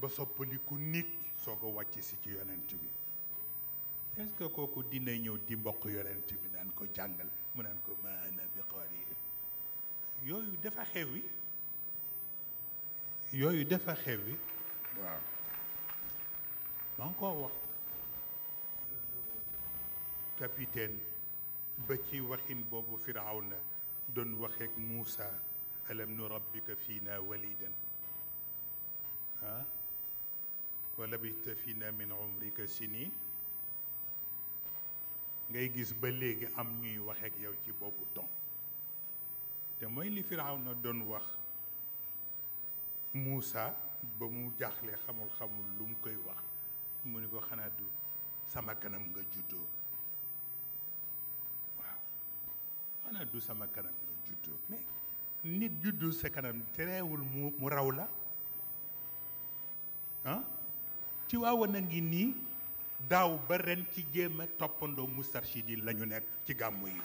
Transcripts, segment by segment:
ba soppaliku nit soo ko wàcc si ci yonent bi est-ce que kooku dina ñëw di mbokk yonent bi naan ko jàngal mu naan ko maana bi qaari yooyu dafa xewi yooyu dafa xewi waaw maa koo wax capitaine ba ci waxin boobu Firawna doon waxeek Muusa alam nu rabbika fii na walidan walabista fina min si sinin ngay gis ba léegi am ñuy wax ak yow ci boobu ton te mooy li Firawna doon wax Muusa ba mu jaaxle xamul xamul lu mu koy wax mu ni ko xanaa du sama kanam nga juddoo waaw xanaa du sama kanam nga juddoo mais nit juddu sa kanam terewul mu mu raw la ci waawoon a ngi nii daaw ba ren ci jéem toppandoo Moustarchidine yi la nekk ci gàmmu yi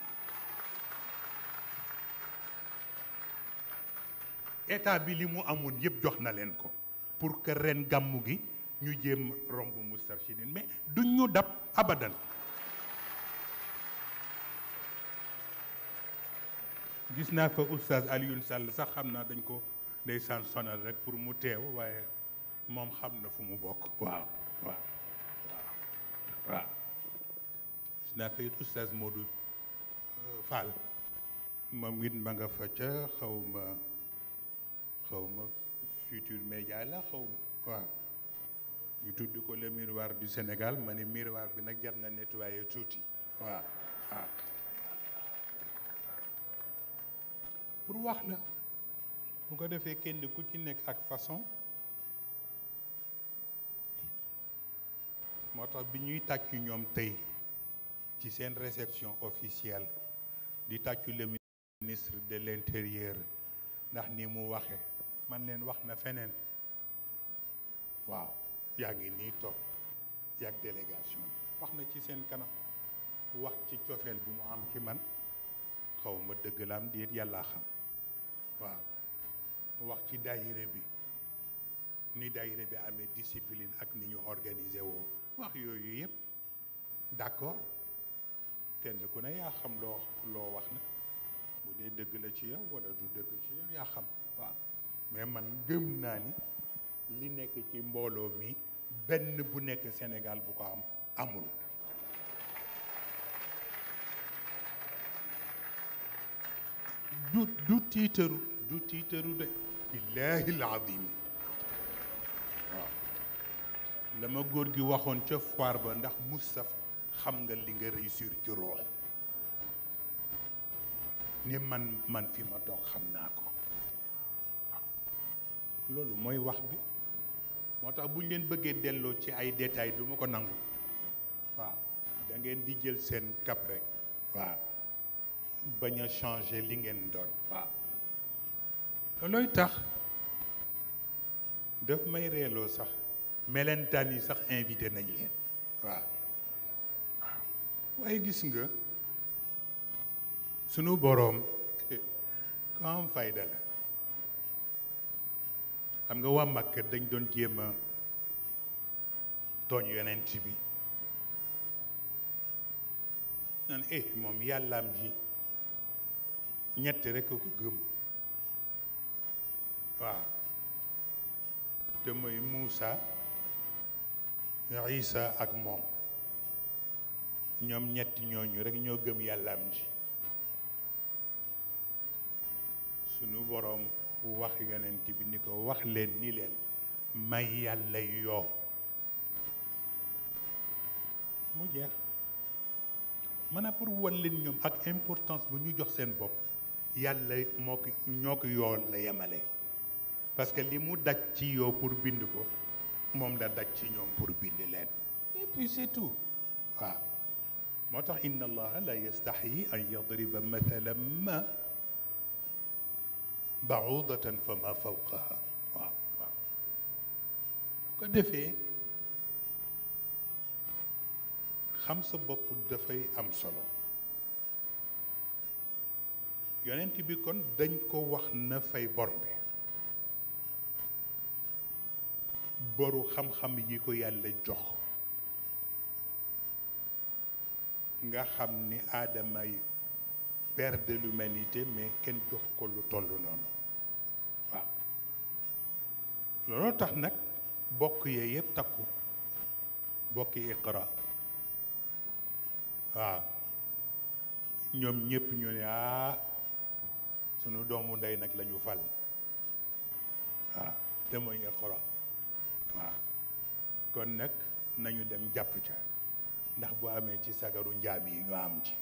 état bi li mu amoon yëpp jox na leen ko pour que ren gàmmu gi ñu jéem romb Moustarchidine mais duñ ñu dab abadan gis naa ko oustaz Alioune Sall sax xam naa dañ ko ndeysaan sonal rek pour mu teew waaye moom xam na fu mu bokk waaw waaw waaw gis naa kayit oustaz Modou euh, Fall moom it ma nga fa ca xaw ma xaw ma futur média la xaw ma waaw ñu tudd ko le miroir du Sénégal ma ne miroir bi nag jar na nettoyer tuuti waaw waaw pour wax la bu ko defee kenn ku ci nekk ak façon moo tax bi ñuy tàccu ñoom tey ci seen réception officielle di tàccu le ministre de l'intérieur ndax ni mu waxe man leen wax na feneen waaw yaa ngi nii toog yàgg délégation wax na ci seen kanam wax ci cofeel bu mu am ci man xaw ma dëgg la am déet yàllaa xam waaw wax ci daayire bi ni daayire bi amee discipline ak ni ñu organiser woo wax yooyu yëpp d'accord kenn ku ne yaa xam loo loo wax na bu dee dëgg la ci yow wala du dëgg ci yow yaa xam waaw mais man gëm naa ni li nekk ci mbooloo mi benn bu nekk Sénégal bu ko am amul du du tiitaru du tiitaru de billaahi al la ma góor gi waxoon ca foire ba ndax saf xam nga li nga réussir ci ni man man fi ma toog xam naa ko loolu mooy wax bi moo tax bu ñu leen bëggee delloo ci ay détails du ma ko nangu waaw da ngeen di jël seen cap rek waaw bañ a changer li ngeen doon waaw loolooy tax daf may reeloo sax melentaan yi sax invité nañ leen waaw waaye gis nga sunu boroom ko am xam nga waa Màkka dañ doon jéem tooñ yonent bi naan eh moom yàllaam ji ñett rekk a ko gëm waaw te mooy Muusa isa ak moom ñoom ñetti ñooñu rekk ñoo gëm am ji sunu boroom wax yonent bi ni ko wax leen ni leen may yàlla yoo mu jeex maanaam pour won leen ñoom ak importance bu ñu jox seen bopp yàlla moo ko ñoo ko yoo la yemale parce que li mu daj ci yoo pour bind ko moom la daj ci ñoom pour bind leen et puis tout waaw moo tax inna allaha la yastaxyi an yadriba mathalan ma baudatan fa ma fawqaha ko defee xam sa bopp dafay am solo yonent bi kon dañ ko wax na fay bor bi boru xam-xam yi ko yàlla jox nga xam ni aadamay père de l'humanité mais kenn jox ko lu toll noonu waaw looloo tax nag bokk yee yëpp takku bokki iqra waaw ñoom ñëpp ñu ne ah sunu doomu ndey nag lañu fal waaw te mooy iqra waaw kon nag nañu dem jàpp ca ndax bu amee ci sagaru njaam yi ñu am ci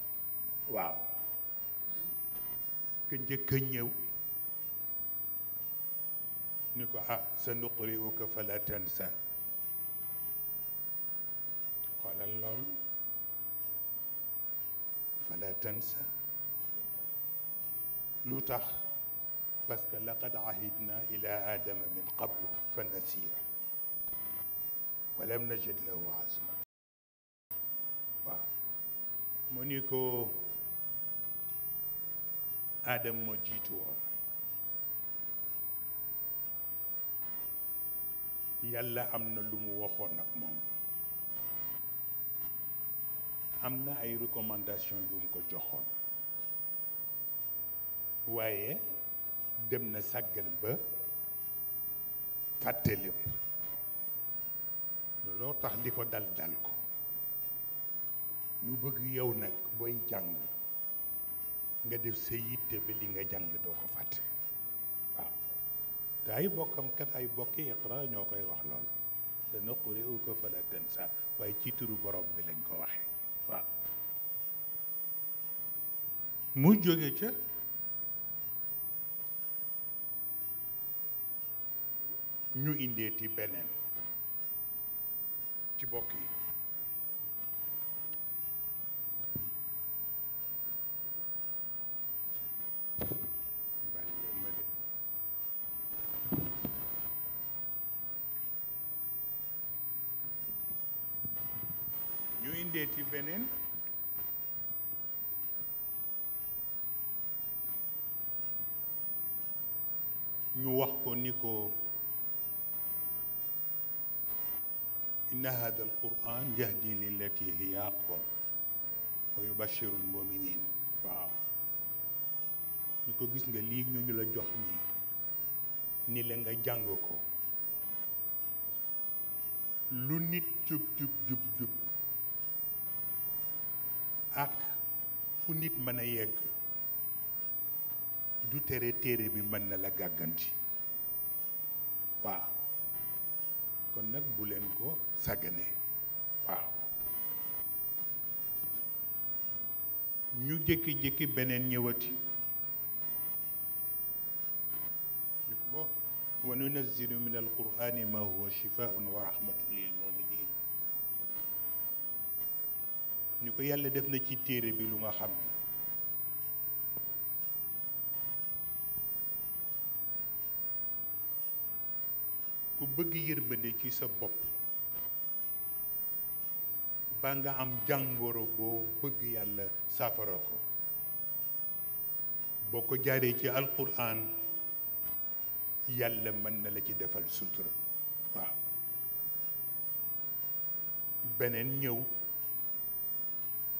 waaw ke njëkk ni ko ah sa nuquri uka fala tansa xoolal loolu fala tansa lu tax parce que laqad ahidna ila adama min qablu fa nasiya walam mu ni ko aadama moo jiitu woon yàlla am na lu mu waxoon ak moom am na ay recommandation yu mu ko joxoon waaye dem na sàggan ba fàtte lépp loo tax di ko dal dal ko ñu bëgg yow nag booy jàng nga def sa yitte ba li nga jàng doo ko fàtte waaw te ay bokkam kat ay bokki iqra ñoo koy wax loolu te nuqri'uka falaa tansaa waaye ci turu borom bi lañ ko waxee waaw mu jóge ca ñu indeeti beneen ci bokk yi ñu indeeti beneen ñu wax ko ni ko inna hada alquran yahdi lillati hiya aqwam wa yubashiru almuminin waaw ñu ko gis nga lii ñu ñu la jox nii ni la nga jàng ko lu nit jub jub jub ak fu nit mën a yegg du téere téere bi mën na la gàgganti waaw kon nag bu leen ko sàgganee waaw ñu jékki-jékki beneen ñëwati wa nunazzilu min alqurani ma huwa shifaun wa rahmatun lil muminin ñu ko yàlla def na ci téere bi lu nga xam ne ku bëgg yërmande ci sa bopp ba nga am jàngooro boo bëgg yàlla saafara ko boo ko jaaree ci alquran yàlla mën na la ci defal sutura waaw beneen ñëw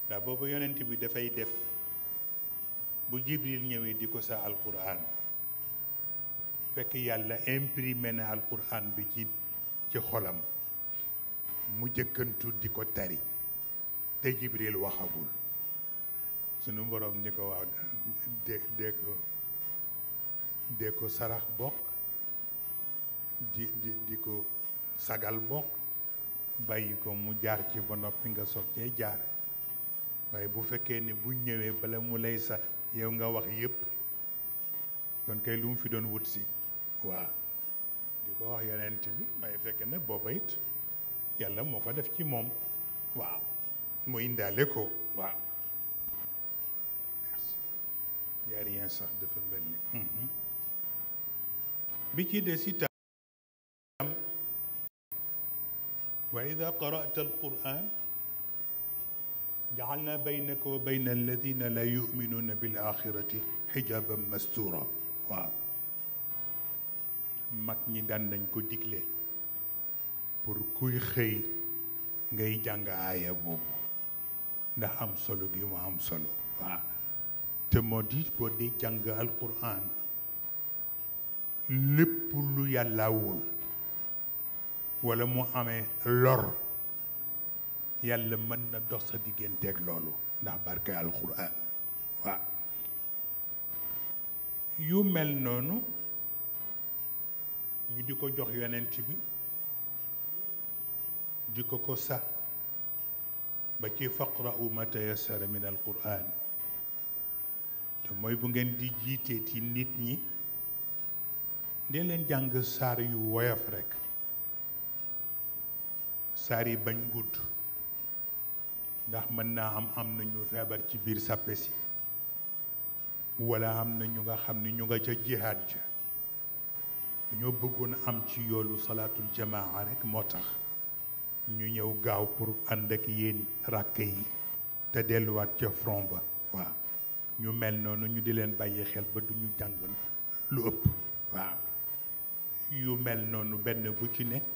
ndax boobu yonent bi dafay def bu jibril ñëwee di ko sa alquran fekk yàlla imprimé na alquran bi ci ci xolam mu jëkkantu di ko tari te jibril waxagul sunu boroom ni ko waaw de dee ko dee ko sarax bokk di di di ko sagal bokk bàyyi ko mu jaar ci ba noppi nga soog cee jaar waaye bu fekkee ne bu ñëwee bala mu lay sa yow nga wax yépp kon kay lu mu fi doon wut si waa di ko wax yonent bi waaye fekk na booba it yàlla moo ko def ci moom waaw mu indaale ko waaw merci jaarien sax dafa mel ni mhm. bi ci des itam wa ida qara'ta alquran ja'alna baynaka wa bayna alladina la yu'minuna bil axirati xijaban mastura waaw mag ñi daan nañ ko digle pour kuy xëy ngay jàng aaya boobu ndax am solo gi mu am solo waaw te moo di boo di jàng alquran lépp lu yàlla wul wala mu amee lor yàlla mën na dox sa digganteeg loolu ndax barke alquran waaw yu mel noonu ñu di ko jox yonent bi di ko ko sax ba ci faqra'u ma tayassara min alquran te mooy bu ngeen di jiitee ci nit ñi dee leen jàng saar yu woyof rekk saar yi bañ gudd ndax mën naa am am na ñu feebar ci biir sàppe si walla am na ñu nga xam ni ñu nga ca jihaad ja dañoo bëggoon am ci yoonu salaatul jamaa rek moo tax ñu ñëw gaaw pour ànd ak yéen ràkk yi te delluwaat ca front ba waaw ñu mel noonu ñu di leen bàyyi xel ba duñu ñu jàngal lu ëpp waaw yu mel noonu benn bu ci ne